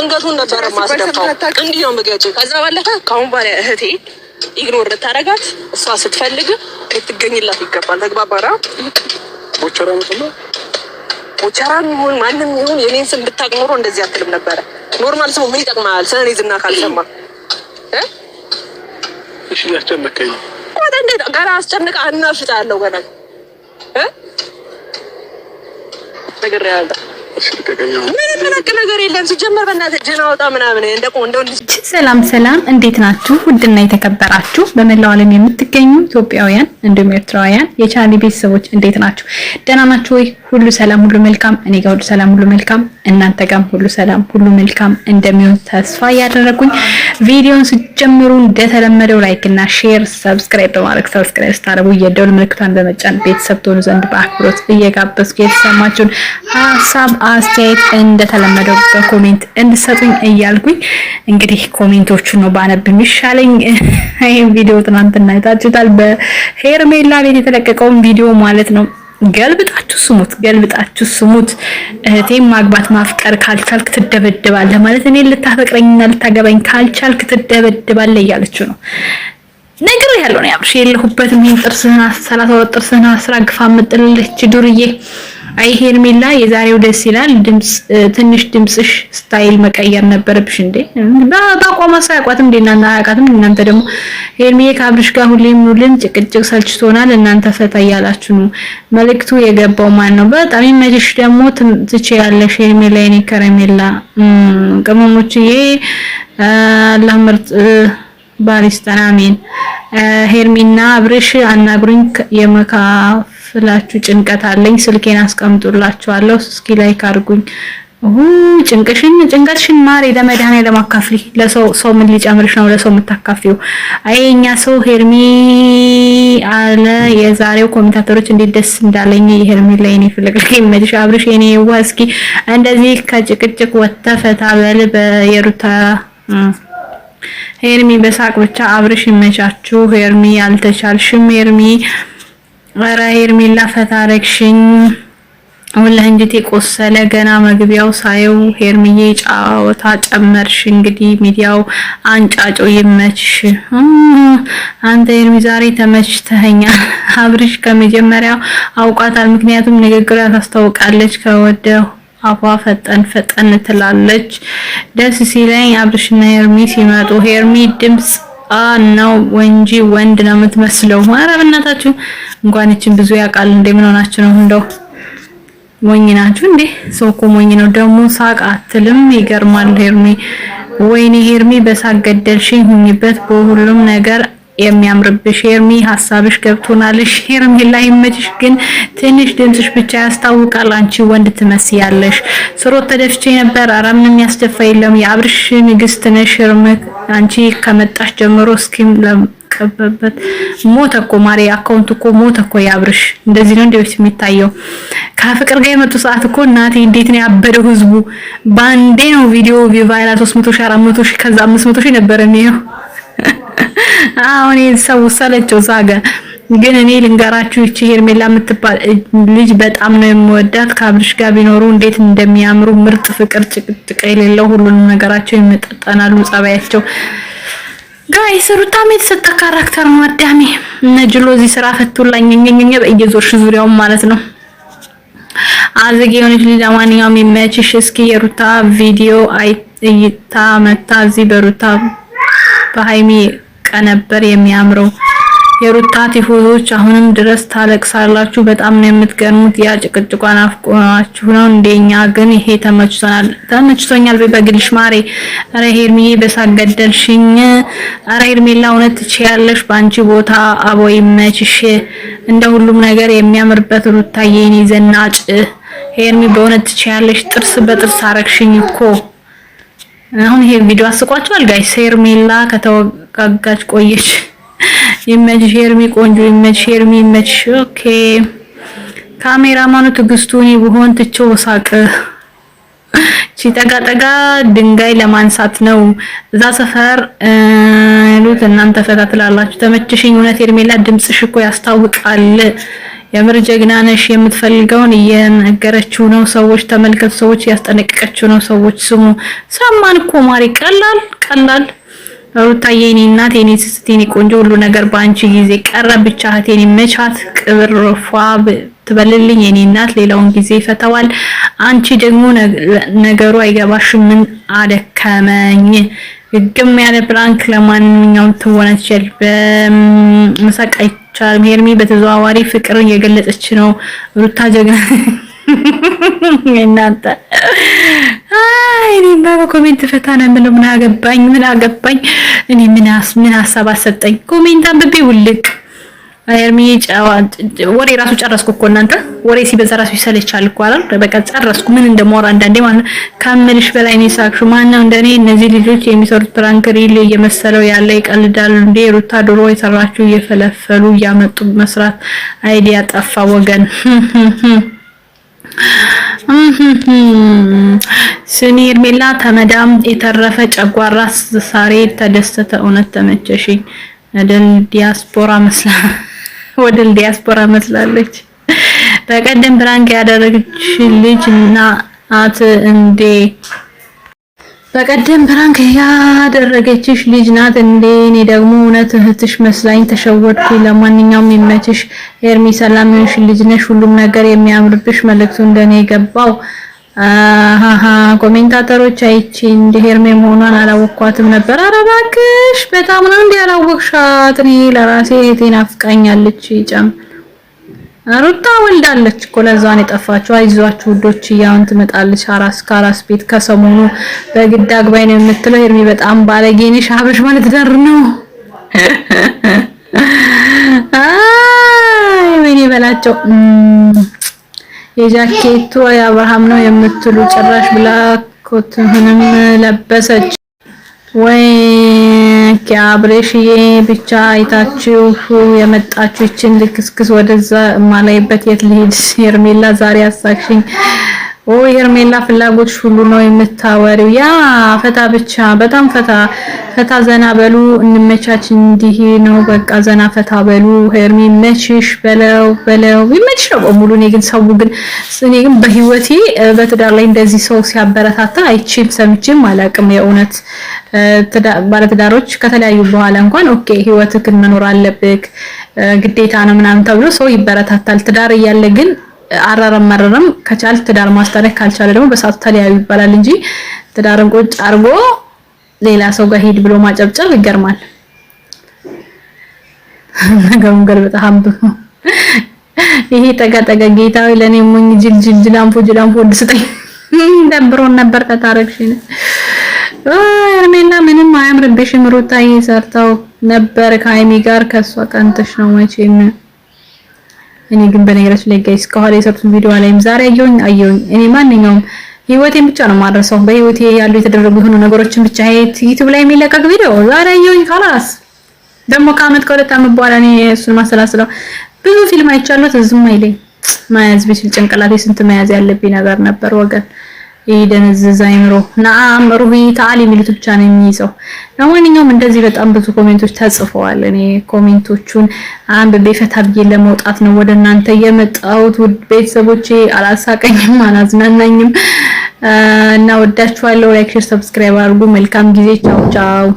ጥንገቱን ነበረ ማስደፋው። እንዲህ ነው ምገጭ። ከዛ ባለፈ ከአሁን በኋላ እህቴ ኢግኖር ልታረጋት እሷ ስትፈልግ ልትገኝላት ይገባል። ተግባባራ ቦቸራ ነው ቦቸራ ይሁን ማንም ይሁን የኔን ስም ብታውቅ ኖሮ እንደዚህ አትልም ነበረ። ኖርማል ስሙ ምን ይጠቅማል? ስለ እኔ ዝና ካልሰማ እሺ። ያስጨነቀኝ ቆጣ እንዴት ገና አስጨንቀ አናፍጣለሁ ያለው ገና ነገር ያለ ሰላም ሰላም፣ እንዴት ናችሁ? ውድና የተከበራችሁ በመላው ዓለም የምትገኙ ኢትዮጵያውያን እንዲሁም ኤርትራውያን የቻሊ ቤተሰቦች እንዴት ናችሁ? ደህና ናችሁ ወይ? ሁሉ ሰላም ሁሉ መልካም እኔ ጋር ሁሉ ሰላም ሁሉ መልካም እናንተ ጋርም ሁሉ ሰላም ሁሉ መልካም እንደሚሆን ተስፋ እያደረኩኝ ቪዲዮውን ስጀምሩ እንደተለመደው ላይክ እና ሼር፣ ሰብስክራይብ በማድረግ ሰብስክራይብ ስታደርጉ የደውል ምልክቷን በመጫን ቤተሰብ ትሆኑ ዘንድ በአክብሮት እየጋበዝኩ የተሰማችሁን ሀሳብ አስተያየት እንደተለመደው በኮሜንት እንድሰጡኝ እያልኩኝ እንግዲህ ኮሜንቶቹ ነው ባነብ የሚሻለኝ። ይህም ቪዲዮ ትናንትና አይታችሁታል፣ በሄርሜላ ቤት የተለቀቀውን ቪዲዮ ማለት ነው። ገልብጣችሁ ስሙት፣ ገልብጣችሁ ስሙት። እህቴን ማግባት ማፍቀር ካልቻልክ ትደበድባለህ ማለት እኔ ልታፈቅረኝና ልታገባኝ ካልቻልክ ትደበድባለህ እያለችው ነው። ነገር ያለው ነው ያብርሽ የለሁበትም። ይህን ጥርስህን አሰላሳ ጥርስህን አስራ ግፋ ምጥልልች ዱርዬ አይ ሄርሜላ የዛሬው ደስ ይላል። ድምጽ ትንሽ ድምጽሽ ስታይል መቀየር ነበረብሽ እንዴ? በአቋም አሳያቋትም እንዴ እናንተ አያውቃትም። እናንተ ደግሞ ሄርሜዬ ከአብርሽ ጋር ሁሌም ኑልን፣ ጭቅጭቅ ሰልችቶናል። እናንተ ፈታ እያላችሁ ነው። መልእክቱ የገባው ማን ነው? በጣም ይመችሽ። ደግሞ ትችያለሽ ሄርሜላ፣ የኔ ከረሜላ፣ ቅመሞችዬ፣ አላህ ምርጥ ባሪስታን አሜን። ሄርሚና አብርሽ አናግሩኝ የመካ ስላችሁ ጭንቀት አለኝ ስልኬን አስቀምጡላችኋለሁ እስኪ ላይክ አድርጉኝ። ጭንቅሽን ጭንቀትሽን ማሪ ለመድኃኔዓለም ለማካፍሊ ለሰው ሰው ምን ሊጨምርሽ ነው ለሰው የምታካፍዩ? አይ እኛ ሰው ሄርሚ አለ የዛሬው ኮሜንታተሮች እንዴት ደስ እንዳለኝ የሄርሚ ላይ እኔ ፍልቅልቅ ይመችሽ። አብርሽ የኔ ዋ እስኪ እንደዚህ ከጭቅጭቅ ወጥተ ፈታ በል በየሩታ ሄርሚ በሳቅ ብቻ አብርሽ ይመቻችሁ። ሄርሚ አልተቻልሽም ሄርሚ ኧረ ሄርሜላ ፈታረግሽኝ ወላ እንዴት የቆሰለ ገና መግቢያው ሳየው ሄርሚዬ ጫወታ ጨመርሽ። እንግዲህ ሚዲያው አንጫጮ ይመችሽ። አንተ ሄርሚ ዛሬ ተመችተኸኛል። አብርሽ ከመጀመሪያው አውቃታል። ምክንያቱም ንግግሯ ታስታውቃለች። ከወደ አፏ ፈጠን ፈጠን ትላለች። ደስ ሲለኝ አብርሽና ሄርሚ ሲመጡ ሄርሚ ድምጽ ነው ወንጂ ወንድ ነው የምትመስለው። ኧረ በእናታችሁ እንኳን እቺን ብዙ ያውቃል እንዴ! ምን ሆናችሁ ነው? እንደው ሞኝ ናችሁ እንዴ? ሰው እኮ ሞኝ ነው ደግሞ። ሳቅ አትልም። ይገርማል ሄርሜ። ወይኔ ሄርሜ በሳቅ ገደልሽኝ። ሁኝበት በሁሉም ነገር የሚያምርብሽ ሄርሚ፣ ሀሳብሽ ገብቶናል። ላይ መጭሽ ግን ትንሽ ድምጽሽ ብቻ ያስታውቃል። አንቺ ወንድ ትመስያለሽ። ስሮት ተደፍቼ ነበር። ኧረ ምንም ያስደፋ የለም። የአብርሽ ንግስት ነሽ አንቺ ከመጣሽ ጀምሮ እስኪም ለቀበበት ሞተ እኮ ማሪ፣ አካውንት እኮ ሞተ እኮ የአብርሽ። እንደዚህ ነው እንደውስ የሚታየው። ከፍቅር ጋር የመጡ ሰዓት እኮ እናቴ እንዴት ነው ያበደው ህዝቡ! ባንዴ ነው ቪዲዮ ቫይራል 300 400 ከዛ 500 ሺህ ነበር ነው አሁን ሰው ሰለቸው ዛገ። ግን እኔ ልንገራችሁ ይቺ ሄርሜላ የምትባል ልጅ በጣም ነው የምወዳት። ካብርሽ ጋር ቢኖሩ እንዴት እንደሚያምሩ ምርጥ ፍቅር፣ ጭቅጭቅ የሌለው ሁሉንም ነገራቸው ይመጣጠናሉ፣ ጸባያቸው ጋይስ ሩታም የተሰጠ ካራክተር ነው። አዳሜ እነ ጅሎ እዚህ ስራ ፈቱላኝ ኘኘኘ በየዞርሽ ዙሪያውን ማለት ነው። አዘጌ የሆነች ልጅ ለማንኛውም የሚመችሽ እስኪ የሩታ ቪዲዮ አይታ መታ እዚህ በሩታ በሃይሚ የደመቀ ነበር የሚያምረው። የሩታ ቲፎዞች አሁንም ድረስ ታለቅሳላችሁ። በጣም ነው የምትገርሙት። ያ ጭቅጭቋን አፍቆናችሁ ነው እንደኛ። ግን ይሄ ተመችቶናል፣ ተመችቶኛል። በግልሽ ማሬ፣ አረ ሄርሚዬ በሳገደልሽኝ። አረ ሄርሜላ እውነት ትችያለሽ። በአንቺ ቦታ አቦ ይመችሽ። እንደ ሁሉም ነገር የሚያምርበት ሩታዬ፣ የኔ ዘናጭ ሄርሚ፣ በእውነት ትችያለሽ። ጥርስ በጥርስ አረግሽኝ እኮ። አሁን ይሄ ቪዲዮ አስቋቸዋል ጋይስ ሄርሜላ ከተወ ካጋጭ ቆየች። ይመችሽ ሄርሚ፣ ቆንጆ ይመችሽ ሄርሚ፣ ይመችሽ። ኦኬ ካሜራማኑ ትዕግስቱ እኔ ብሆን ትቼው ሳቅ ሲጠጋጠጋ ድንጋይ ለማንሳት ነው። እዛ ሰፈር ሉት እናንተ ፈታ ትላላችሁ። ተመችሽኝ እውነት ሄርሜላ፣ ድምፅሽ እኮ ያስታውቃል። የምር ጀግና ነሽ። የምትፈልገውን እየነገረችው ነው። ሰዎች ተመልከቱ፣ ሰዎች እያስጠነቀቀችው ነው። ሰዎች ስሙ። ሰማን እኮ ማሪ። ቀላል ቀላል ሩታዬ የኔ እናት የኔ ስስት የኔ ቆንጆ ሁሉ ነገር በአንቺ ጊዜ ቀረ። ብቻ እህቴን መቻት ቅብር ፏ ትበልልኝ የኔ እናት። ሌላውን ጊዜ ይፈተዋል። አንቺ ደግሞ ነገሩ አይገባሽም። ምን አደከመኝ ግግም ያለ ፕራንክ ለማንኛውም ትወናችል በመሳቅ አይቻልም። ሄርሚ በተዘዋዋሪ ፍቅርን የገለጸች ነው ሩታ ጀግና እናንተ እኔማ በኮሜንት ፈታ ነው የምለው። ምን አገባኝ ምን አገባኝ እኔ ምን ሀሳብ አሰጠኝ። ኮሜንት አንብቤ ውልቅ እርምዬ ወሬ ራሱ ጨረስኩ እኮ እናንተ ወሬ ሲበዛ ራሱ ይሰለቻል እኮ አላል። በቃ ጨረስኩ። ምን እንደማወራ አንዳንዴ ማለት ከምልሽ በላይ ነው የሳቅሽው። ማነው እንደኔ እነዚህ ልጆች የሚሰሩት ፕራንክ ሪል እየመሰለው ያለ ይቀልዳሉ እንዴ? ሩታ ድሮ የሰራችው እየፈለፈሉ እያመጡ መስራት አይዲያ ጠፋ ወገን ስሚ ሄርሜላ ተመዳም የተረፈ ጨጓራ ሳሬ ተደሰተ። እውነት ተመቸሽኝ። ወደል ዲያስፖራ መስላ ወደል ዲያስፖራ መስላለች። በቀደም ብራንክ ያደረግች ልጅ ናት እንዴ? በቀደም ፕራንክ ያደረገችሽ ልጅ ናት እንዴ? እኔ ደግሞ እውነት እህትሽ መስላኝ ተሸወድኩ። ለማንኛውም ይመችሽ ኤርሚ፣ ሰላም ይሁንሽ። ልጅ ነሽ፣ ሁሉም ነገር የሚያምርብሽ። መልእክቱ እንደኔ የገባው አሃሃ ኮሜንታተሮች አይቺ እንደ ሄርሜ መሆኗን አላወኳትም ነበር። ኧረ እባክሽ በጣም ነው እንዲህ ያላወቅሻት። እኔ ለራሴ እህቴ ናፍቃኛለች። ይጨም ሩታ ወልዳለች እኮ ለዛን የጠፋችሁ። አይዟችሁ ውዶች፣ እያውን ትመጣለች። አራስ ከአራስ ቤት ከሰሞኑ በግድ አግባይ ነው የምትለው ሄርሚ። በጣም ባለጌ ነሽ። ማለት ደር ነው። አይ ወይኔ በላቸው። የጃኬቱ የአብርሃም ነው የምትሉ ጭራሽ ብላ ኮትንም ለበሰች ወይ መለኪያ ብሬሽዬ ብቻ አይታችሁ የመጣችሁ ይችን ልክስክስ ወደዛ እማላይበት የት ልሂድ ሄርሜላ ዛሬ አሳክሽኝ ኦ ሄርሜላ ፍላጎት ሁሉ ነው የምታወሪው። ያ ፈታ ብቻ በጣም ፈታ ፈታ ዘና በሉ እንመቻች። እንዲህ ነው በቃ ዘና ፈታ በሉ። ሄርሜ ይመችሽ በለው በለው ይመችሽ ነው በሙሉ። እኔ ግን ሰው ግን እኔ ግን በህይወቴ በትዳር ላይ እንደዚህ ሰው ሲያበረታታ አይቼም ሰምቼም አላውቅም። የእውነት ባለትዳሮች ከተለያዩ በኋላ እንኳን ኦኬ ህይወትህን መኖር አለብህ ግዴታ ነው ምናምን ተብሎ ሰው ይበረታታል። ትዳር እያለ ግን አራረም መረረም ከቻል ትዳር ማስታረቅ ካልቻለ ደግሞ በሳቱ ተለያዩ ይባላል እንጂ ትዳርን ቁጭ አርጎ ሌላ ሰው ጋር ሄድ ብሎ ማጨብጨብ ይገርማል። ነገሩን ገልብጠህ አንብብ። ይሄ ጠጋ ጠጋ ጌታዊ ለኔ ሙኝ ጅልጅል ጅል ጅላምፎ ጅላምፎ ስጠኝ ደብሮን ነበር ተታረቅሽኝ። ሄርሜላ ምንም አያምርብሽም። ሩታዬ ሰርተው ነበር ከአይሚ ጋር ከሷ ቀንተሽ ነው መቼም እኔ ግን በነገራችሁ ላይ ጋይስ ከኋላ የሰሩትን ቪዲዮ ላይም ዛሬ አየሁኝ አየሁኝ። እኔ ማንኛውም ህይወቴን ብቻ ነው ማድረሰው በህይወቴ ያሉ የተደረጉ የሆኑ ነገሮችን ብቻ ሄት ዩቲዩብ ላይ የሚለቀቅ ቪዲዮ ዛሬ አየሁኝ። ካላስ ደግሞ ከአመት ከሁለት አመት በኋላ እኔ እሱን ማሰላስለው ብዙ ፊልም አይቻለሁ። ዝም አይለኝ መያዝ ቢችል ጭንቅላቴ ስንት መያዝ ያለብኝ ነገር ነበር ወገን። ይህ ደነዘዘ አይምሮ ነአም ሩሂ ታሊ የሚሉት ብቻ ነው የሚይዘው። ለማንኛውም እንደዚህ በጣም ብዙ ኮሜንቶች ተጽፈዋል። እኔ ኮሜንቶቹን አንብቤ ፈታ ብዬ ለመውጣት ነው ወደ እናንተ የመጣሁት። ውድ ቤተሰቦቼ አላሳቀኝም፣ አላዝናናኝም እና ወዳችኋለሁ። ላይክ፣ ሼር፣ ሰብስክራይብ አድርጉ። መልካም ጊዜ። ቻው ቻው።